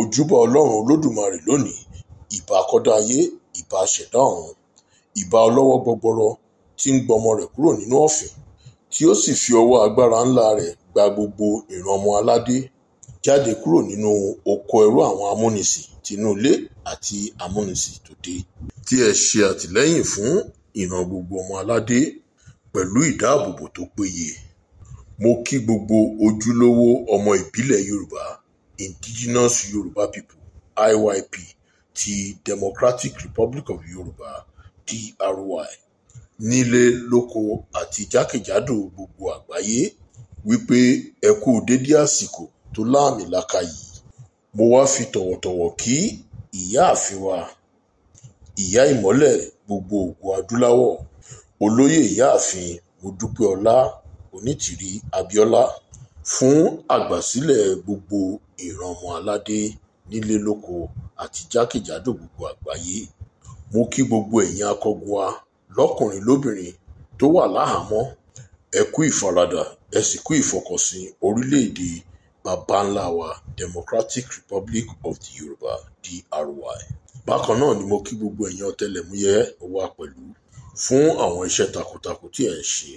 mo júbà ọlọ́run olódùmarè lónìí ìbà akọ́dáyé ìbà aṣẹ̀dá ọ̀run ìbà ọlọ́wọ́ gbọgbọrọ tí ń gbọmọ rẹ̀ kúrò nínú ọ̀fìn tí ó sì fi ọwọ́ agbára ńlá rẹ̀ gba gbogbo ìran ọmọ aládé jáde kúrò nínú oko ẹrú àwọn amúnisìn tinú ilé àti amúnisìn tòde tí ẹ ṣe àtìlẹ́yìn fún ìran gbogbo ọmọ aládé pẹ̀lú ìdáàbòbò tó péye mo kí gbogbo ojúlówó ọmọ ìbílẹ̀ yorùbá indigenous yoruba people iyp ti democratic republic of Yoruba dry nílé lóko àti jákèjádò gbogbo àgbáyé wípé ẹ kú dédé àsìkò tó láàmìlàaka yìí mo wá fi tọ̀wọ̀tọ̀wọ̀ kí ìyáàfin wa ìyá ìmọ́lẹ̀ gbogbo ògùn adúláwọ̀ olóyè ìyáàfin modúpẹ́ọlá onítìrí abíọ́lá fún àgbàsílẹ̀ gbogbo ìran ọmọ aládé nílé lóko àti jákèjádò gbogbo àgbáyé mo kí gbogbo ẹ̀yin akọgun wa lọ́kùnrin lóbìnrin tó wà láhàámọ́ ẹ kú ìfaradà ẹ ìfọkànsìn orílẹ̀-èdè baba ńlá wa democratic republic of the yorùbá dry bákan náà ni mo kí gbogbo ẹ̀yin ọ̀tẹlẹ̀múyẹ́ wa pẹ̀lú fún àwọn iṣẹ́ takuntakun tí ẹ̀ ń ṣe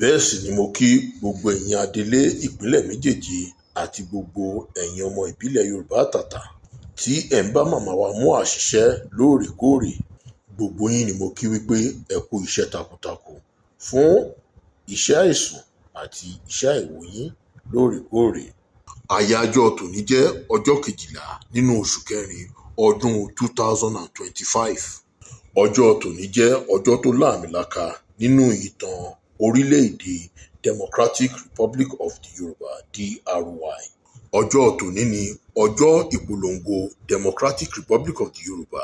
bẹ́ẹ̀ sì ni mo kí gbogbo ẹ̀yin adelé ìpínlẹ̀ méjèèjì àti gbogbo ẹ̀yin ọmọ ìbílẹ̀ yorùbá àtàtà tí ẹ̀ ń bá màmá wa Múà ṣiṣẹ́ lóòrèkóòrè gbogbo yín ni mo kí wípé ẹ kú iṣẹ́ takuntakun fún iṣẹ́ àìsùn àti iṣẹ́ àìwòyín lóòrèkóòrè. àyájọ́ tòní jẹ́ ọjọ́ kejìlá nínú oṣù kẹrin ọdún two thousand and twenty-five ọjọ́ tòní jẹ́ ọjọ́ tó láàmìlaka nínú ìtàn orílẹ̀-èdè democratic republic of the yorùbá dry ọjọ́ tòní ni ọjọ́ ìpolongo democratic republic of the yorùbá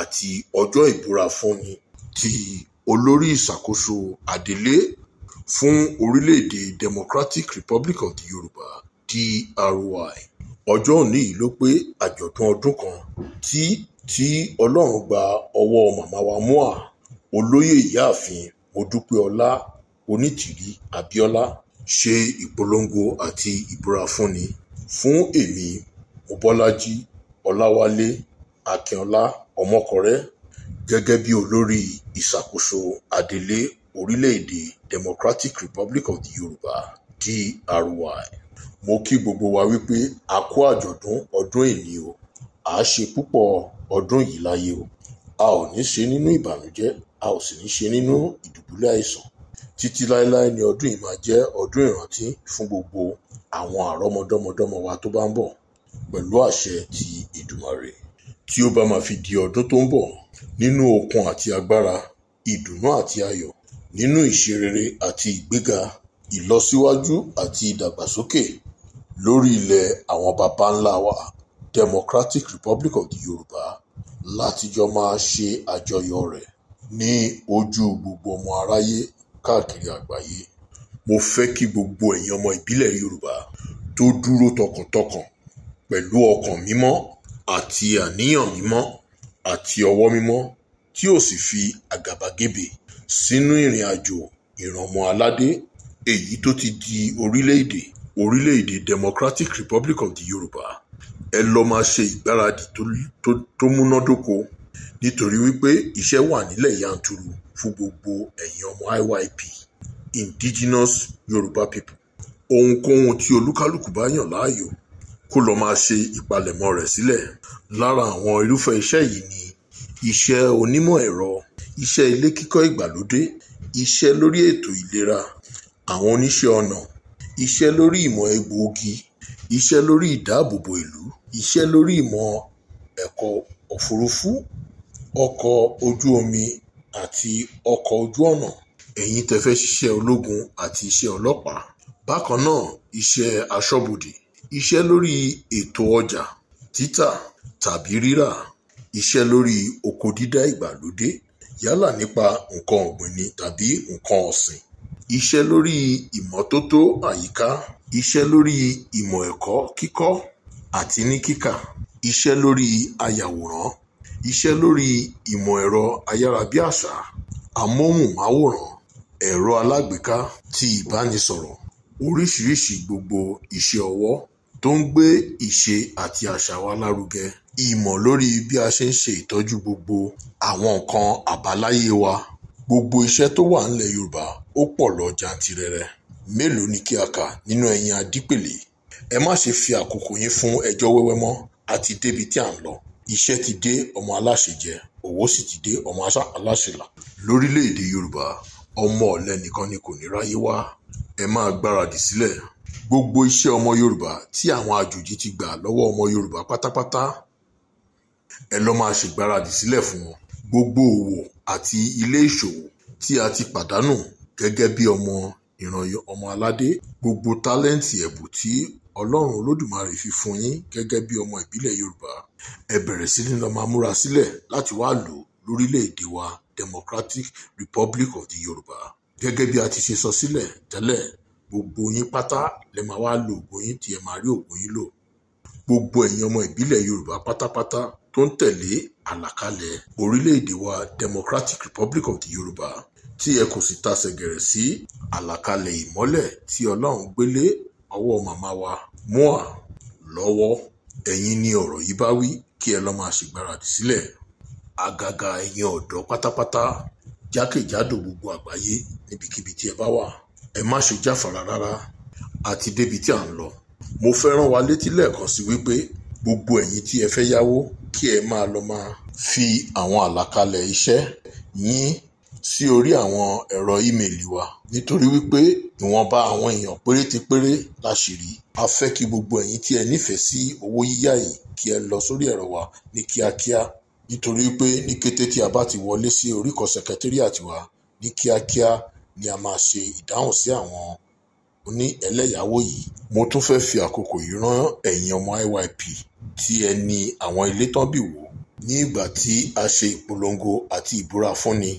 àti ọjọ́ ìbúra fúnni ti olórí ìṣàkóso adelé fún orílẹ̀-èdè democratic republic of the yorùbá dry ọjọ́ òní yìí ló pé àjọ̀dún ọdún kan tí tí ọlọ́run gba ọwọ́ màmá wa mua olóyè ìyáàfin modúpẹ́ọlá onítìrí abiola ṣe ìpolongo àti ìbúrafúnni fún èmi mobọ́lájí ọláwálé akínọlá ọmọkọrẹ gẹ́gẹ́ bíi olórí ìṣàkóso adelé orílẹ̀-èdè democratic republic of the yorùbá dry mo kí gbogbo wa wípé a kú àjọ̀dún ọdún èní o à á ṣe púpọ̀ ọdún yìí láyé o a ò ní ṣe nínú ìbànújẹ́ a ò sì ní ṣe nínú ìdùbúlẹ̀ àìsàn títí láéláé ni ọdún yìí máa jẹ́ ọdún ìrántí fún gbogbo àwọn àrọ́mọdọ́mọdọ́mọ wa tó bá ń bọ̀ pẹ̀lú àṣẹ ti Èdùmàrè tí ó bá máa fi di ọdún tó ń bọ̀ nínú okun àti agbára ìdùnnú àti ayọ̀ nínú ìṣerere àti ìgbéga ìlọsíwájú àti ìdàgbàsókè lórí ilẹ̀ àwọn baba ńlá wa Democratic Republic of the Yorùbá láti jọ máa ṣe àjọyọ̀ rẹ̀ ní ojú gbogbo ọmọ aráyé káàkiri àgbáyé mo fẹ́ kí gbogbo ẹ̀yin ọmọ ìbílẹ̀ yorùbá tó dúró tọkàntọkàn pẹ̀lú ọkàn mímọ́ àti àníyàn mímọ́ àti ọwọ́ mímọ́ tí ó sì fi àgàbàgebè sínú ìrìn àjò ìrànmọ́ aládé èyí tó ti di orílẹ̀-èdè orílẹ̀-èdè democratic republic of the yorùbá ẹ lọ́ọ́ máa ṣe ìgbáradì tó múnádóko nítorí wípé iṣẹ́ wà nílẹ̀ yanturu fún gbogbo ẹ̀yin ọmọ IYP indigenous Yorùbá people ohunkóhun tí olúkálùkù bá yàn láàyò kó lọ máa ṣe ìpalẹ̀mọ́ rẹ̀ sílẹ̀ lára àwọn irúfẹ́ iṣẹ́ yìí ni iṣẹ́ onímọ̀ ẹ̀rọ iṣẹ́ ilé kíkọ́ ìgbàlódé iṣẹ́ lórí ètò ìlera àwọn oníṣẹ́ ọnà iṣẹ́ lórí ìmọ̀ egbòogi iṣẹ́ lórí ìdáàbòbò ìlú iṣẹ́ lórí ìmọ̀ ẹ̀kọ́ òfurufú ọkọ̀ ojú omi àti ọkọ̀ ojú ọ̀nà ẹ̀yin tẹ́ ẹ fẹ́ẹ́ ṣiṣẹ́ ológun àti iṣẹ́ ọlọ́pàá bákan náà iṣẹ́ aṣọ́bodè iṣẹ́ lórí ètò ọjà títà tàbí rírà iṣẹ́ lórí oko dídá ìgbàlódé yálà nípa nǹkan ọ̀gbìn ni tàbí nǹkan ọ̀sìn iṣẹ́ lórí ìmọ́tótó àyíká iṣẹ́ lórí ìmọ̀ ẹ̀kọ́ kíkọ́ àti ní kíkà iṣẹ́ lórí ayàwòrán iṣẹ́ lórí ìmọ̀ ẹ̀rọ ayárabíàṣá amóhùnmáwòrán ẹ̀rọ alágbèéká ti ìbánisọ̀rọ̀ oríṣiríṣi gbogbo iṣẹ́ ọwọ́ tó ń gbé ìṣe àti àṣà wa lárugẹ ìmọ̀ lórí bí a ṣe ń ṣe ìtọ́jú gbogbo àwọn nǹkan àbáláyé wa gbogbo iṣẹ́ tó wà nílẹ̀ Yorùbá ó pọ̀ lọ jantirẹrẹ mélòó ni kí a kà nínú ẹ̀yin adípèlé ẹ má ṣe fi àkókò yín fún ẹjọ́ wẹ́wẹ́ mọ́ a débi tí à ń lọ iṣẹ́ ti dé ọmọ aláṣẹ jẹ owó sì ti dé ọmọ aláṣẹ là. lórílẹ̀‐èdè yorùbá ọmọ ọ̀lẹ nìkan ni kò ní ráyé wá ẹ máa gbáradì sílẹ̀ gbogbo iṣẹ́ ọmọ yorùbá tí àwọn àjòjì ti gbà lọ́wọ́ ọmọ yorùbá pátápátá ẹ lọ́ máa ṣègbáradì sílẹ̀ fún wọn gbogbo òwò àti ilé ìṣòwò tí a ti pàdánù gẹ́gẹ́ bí ọmọ ìran ọmọ aládé gbogbo tálẹ́ǹtì ẹ̀bùn tí ọlọ́run olódùmarè fi fún yín gẹ́gẹ́ bí ọmọ ìbílẹ̀ yorùbá ẹ bẹ̀rẹ̀ sí ní lọ máa múra sílẹ̀ láti wá lò lórílẹ̀‐èdè wa democratic republic of the yorùbá gẹ́gẹ́ bí a ti ṣe sọ sílẹ̀ tẹ́lẹ̀ gbogbo yín pátá lè máa wá lo oògùn yín tí ẹ máa rí oògùn yín lò gbogbo ẹ̀yin ọmọ ìbílẹ̀ yorùbá pátápátá tó ń tẹ̀lé àlàkalẹ̀ orílẹ̀‐èdè wa democratic republic of the yorùbá tí ẹ kò sì tasẹ̀ gẹ̀rẹ̀ sí àlàkalẹ̀ ìmọ́lẹ̀ tí ọlọ́run gbélé ọwọ́ màmá wa mua lọ́wọ́ ẹ̀yin ni ọ̀rọ̀ yìí bá wí kí ẹ lọ́ọ́ máa ṣègbáradì sílẹ̀ àgàgà ẹ̀yin ọ̀dọ́ pátápátá jákèjádò gbogbo àgbáyé níbikíbi tí ẹ bá wà ẹ má ṣe jáfara rárá àti débi tí à ń lọ mo fẹ́ wa létí lẹ́ẹ̀kan sí wípé gbogbo ẹ̀yin tí ẹ fẹ́ yáwó kí ẹ máa lọ máa fi àwọn àlàkalẹ̀ iṣẹ́ yín sí orí àwọn ẹ̀rọ ímeèlì wa nítorí wípé ìwọ̀nba àwọn èèyàn pérétepéré la sì rí a fẹ́ kí gbogbo ẹ̀yin tí ẹ nífẹ̀ẹ́ sí owó yíyá yìí kí ẹ lọ sórí ẹ̀rọ wa ní kíákíá nítorí pé ní kété tí a bá ti wọlé sí orí sẹkẹtírìàtì wa ní kíákíá ni a máa ṣe ìdáhùn sí àwọn oní ẹlẹ́yàwó yìí mo tún fẹ́ fi àkókò yìí rán ẹ̀yin ọmọ IYP tí ẹ ní àwọn ilé tán bì wò ní ìgbà tí a ṣe ìpolongo àti ìbúra fúnni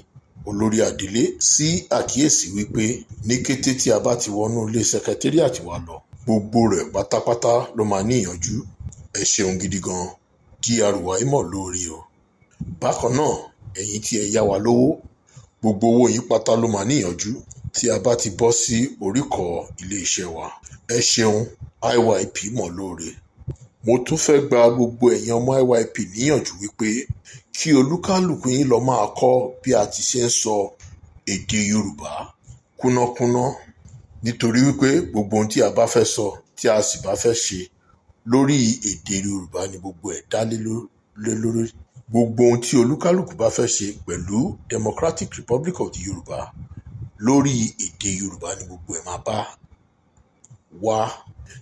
olórí adílé sí àkíyèsí wípé ní kété tí a bá ti wọnú ilé sẹkẹtẹríàtì wa lọ gbogbo rẹ̀ pátápátá ló máa níyànjú ẹ ṣeun gidi gan dr waimo lórí o bákan náà ẹ̀yin tí ẹ yá wa lówó gbogbo owó yìí pátá ló máa níyànjú tí a bá ti bọ́ sí oríkọ̀ iléeṣẹ́ wa ẹ ṣeun IYP mọ̀ lóore mo tún fẹ́ẹ́ gba gbogbo ẹ̀yin ọmọ YYP níyànjú wípé kí olúkálùkù yín lọ́ọ́ máa kọ́ bí a ti ṣe ń sọ èdè Yorùbá kúnákúná nítorí wípé gbogbo ohun tí a bá fẹ́ sọ tí a sì bá fẹ́ ṣe lórí èdè Yorùbá ni gbogbo ẹ̀ dá lé lórí gbogbo ohun tí olúkálùkù bá fẹ́ ṣe pẹ̀lú Democratic Republic of the Yorùbá lórí èdè Yorùbá ni gbogbo ẹ̀ máa bá wá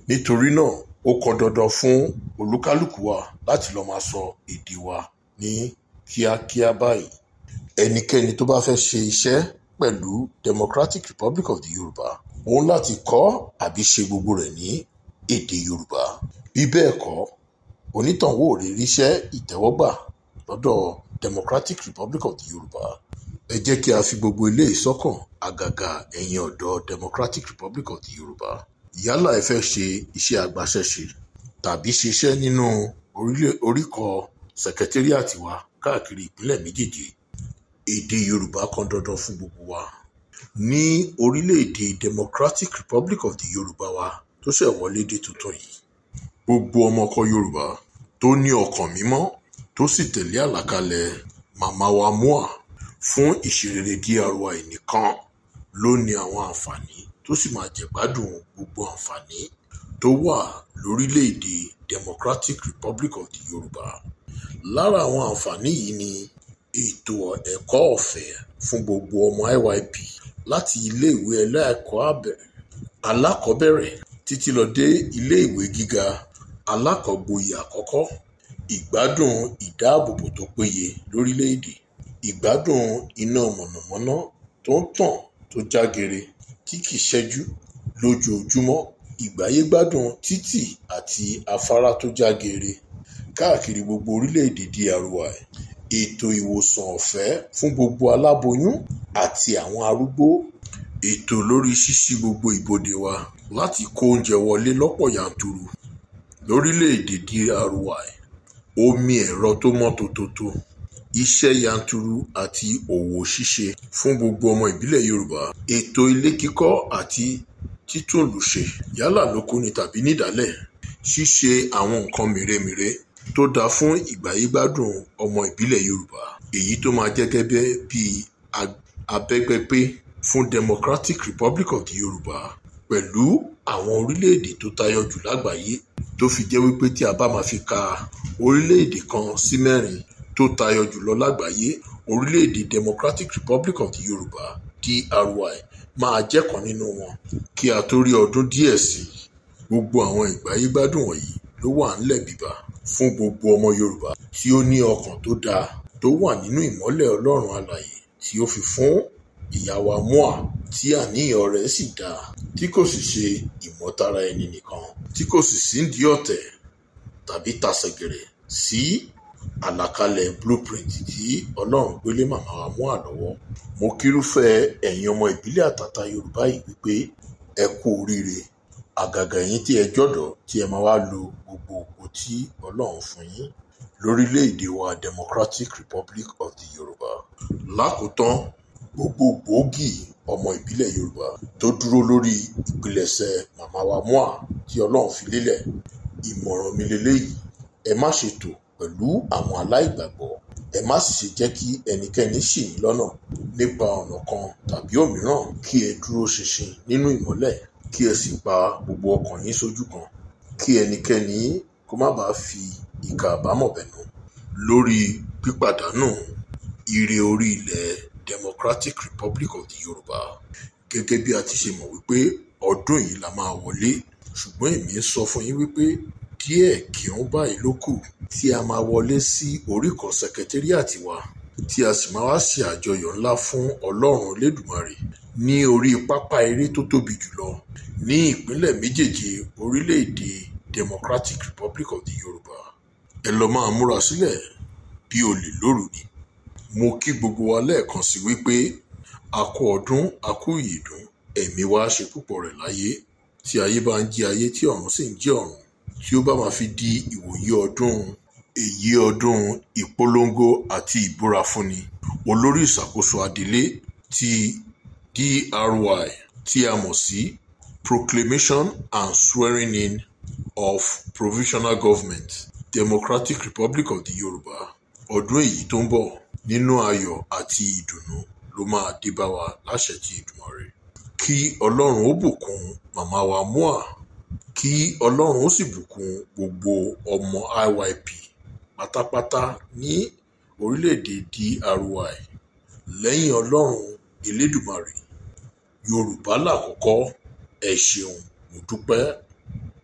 nítorí náà ó kan dandan fún olúkálùkù wa láti lọ́ọ́ máa sọ èdè wa ní kíákíá báyìí ẹnikẹ́ni tó bá fẹ́ ṣe iṣẹ́ pẹ̀lú democratic republic of the yorùbá òun láti kọ́ àbí ṣe gbogbo rẹ̀ ní èdè yorùbá bí bẹ́ẹ̀ kọ́ onítànwó ò lè ríṣẹ́ ìtẹ́wọ́gbà lọ́dọ̀ democratic republic of the yorùbá ẹ jẹ́ kí a fi gbogbo eléyìí sọ́kàn àgàgà ẹ̀yin ọ̀dọ́ democratic republic of the yorùbá yálà ẹ fẹ́ ṣe iṣẹ́ agbaṣẹ́ṣe tàbí ṣiṣẹ́ nínú oríkọ̀ sẹ̀kẹ́tẹ́ríàtì wa káàkiri ìpínlẹ̀ méjèèjì èdè yorùbá kan dandan fún gbogbo wa ní orílẹ̀-èdè democratic republic of the yorùbá wa tó ṣẹ̀ wọlé dé tuntun yìí gbogbo ọmọkọ yorùbá tó ní ọkàn mímọ́ tó sì tẹ̀lé àlàkalẹ̀ màmá wa mua fún ìṣerere DRY nìkan ló ní àwọn àǹfààní tó sì máa jẹ̀gbádùn gbogbo àǹfààní tó wà lórílẹ̀‐èdè Democratic Republic of the Yorùbá lára àwọn àǹfààní yìí ni ètò ẹ̀kọ́ ọ̀fẹ́ fún gbogbo ọmọ IYP láti iléèwé ẹlẹ́ẹ̀kọ́ alákọ̀ọ́bẹ̀rẹ̀ títí lọ dé iléèwé gíga alákọ̀ọ́gboyè àkọ́kọ́ ìgbádùn ìdáàbòbò tó péye lórílẹ̀‐èdè ìgbádùn iná mọ̀nàmọ́ná tó ń tàn tó já gere tí kì í ṣẹ́jú lójoojúmọ́ ìgbáyégbádùn títì àti afárá tó já geere káàkiri gbogbo orílẹ̀-èdè DRY ètò ìwòsàn ọ̀fẹ́ fún gbogbo aláboyún àti àwọn arúgbó ètò lórí ṣíṣí gbogbo ìbodè wa láti kó oúnjẹ wọlé lọ́pọ̀ yanturu lórílẹ̀-èdè DRY omi ẹ̀rọ tó mọ́ tótótó iṣẹ́ yanturu àti òwò ṣíṣe fún gbogbo ọmọ ìbílẹ̀ Yorùbá ètò ilé kíkọ́ àti títúnlù ṣe yálà lóko ni tàbí nídàálẹ̀ ṣíṣe àwọn nǹkan mèremère tó dáa fún ìgbáyégbádùn ọmọ ìbílẹ̀ Yorùbá èyí tó máa jẹ́ gẹ́gẹ́ bí abẹ́gbẹ́pé fún Democratic Republic of the Yorùbá pẹ̀lú àwọn orílẹ̀-èdè tó tayọ jù lágbàáyé tó fi jẹ́ wípé tí a bá máa fi ka orílẹ̀-èdè kan sí mẹ́rin tó tayọ jùlọ lágbàáyé orílẹ̀-èdè democratic republic of the yorùbá dry máa jẹ́ kan nínú wọn kí a tó rí ọdún díẹ̀ sí i gbogbo àwọn ìgbáyégbádùn wọ̀nyí ló wà ńlẹ̀ bíbá fún gbogbo ọmọ yorùbá tí ó ní ọkàn tó dáa tó wà nínú ìmọ́lẹ̀ ọlọ́run alàyè tí ó fi fún ìyá wa tí àníyàn rẹ̀ sì dáa tí kò sì ṣe ìmọ̀tara ẹni nìkan tí kò sì síndìí ọ̀tẹ̀ tàbí tasẹ̀gẹ̀rẹ̀ sí àlàkalẹ̀ blueprint tí ọlọ́run gbélé màmá wa mú àlọ́wọ́ mo kírúfẹ́ ẹ̀yin ọmọ ìbílẹ̀ àtàtà yorùbá yìí wípé ẹ kú oríire àgàgà ẹ̀yin tí ẹ jọ̀dọ̀ tí ẹ máa wá lo gbogbo ògo tí ọlọ́run fún yín lórílẹ̀‐èdè wa democratic republic of the yorùbá lákòótán gbogbo gbòógì ọmọ ìbílẹ̀ yorùbá tó dúró lórí ìpilẹ̀ṣẹ̀ màmá wa mua tí ọlọ́run fi lélẹ̀ ìmọ̀ràn mi lélẹ́yìí ẹ má ṣe tò pẹ̀lú àwọn aláìgbàgbọ́ ẹ má sì ṣe jẹ́ kí ẹnikẹ́ni ṣì yín lọ́nà nípa ọ̀nà kan tàbí òmíràn kí ẹ dúró ṣinṣin nínú ìmọ́lẹ̀ kí ẹ sì pa gbogbo ọkàn yín sójú kan kí ẹnikẹ́ni kó má bàa fi ìkà àbámọ̀ bẹ̀nu lórí pípàdánù ire orí ilẹ̀ Democratic Republic of the Yorùbá gẹ́gẹ́ bí a ti ṣe mọ̀ wípé ọdún yìí la máa wọlé ṣùgbọ́n èmi ń sọ fún yín wípé díẹ̀ kíun báyìí ló kù tí a máa wọlé sí oríkọ̀ sẹkẹtéríàtì wa tí a sì máa wá ṣe àjọyọ̀ ńlá fún ọlọ́run lẹ́dùmarè ní orí pápá eré tó tóbi jùlọ ní ìpínlẹ̀ méjèèjì orílẹ̀-èdè Democratic Republic of the Yorùbá ẹ lọ máa múra sílẹ̀ bí olè lóru ni mo kí gbogbo wa lẹ́ẹ̀kan sí wípé a kú ọdún a kú ìyèdún ẹ̀mí wa ṣe púpọ̀ rẹ̀ láyé tí ayé bá ń jí ayé tí ọ̀run sì ń jí ọ̀run tí ó bá máa fi di ìwòye ọdún èyí ọdún ìpolongo àti ìbúrafúnni olórí ìṣàkóso adelé ti DRY tí a mọ̀ sí Proclamation and Swearing In of Provisional Government Democratic Republic of the Yoruba. ọdún èyí tó ń bọ̀ nínú ayọ̀ àti ìdùnnú ló máa dé bá wa láṣẹ ti Èdùmàrè kí Ọlọ́run ó bùkún màmá wa mua kí ọlọ́run ó sì bùkún gbogbo ọmọ IYP pátápátá ní orílẹ̀-èdè DRY lẹ́yìn ọlọ́run elédùmarè yorùbá lákòókò ẹ̀ ṣeun mo dúpẹ́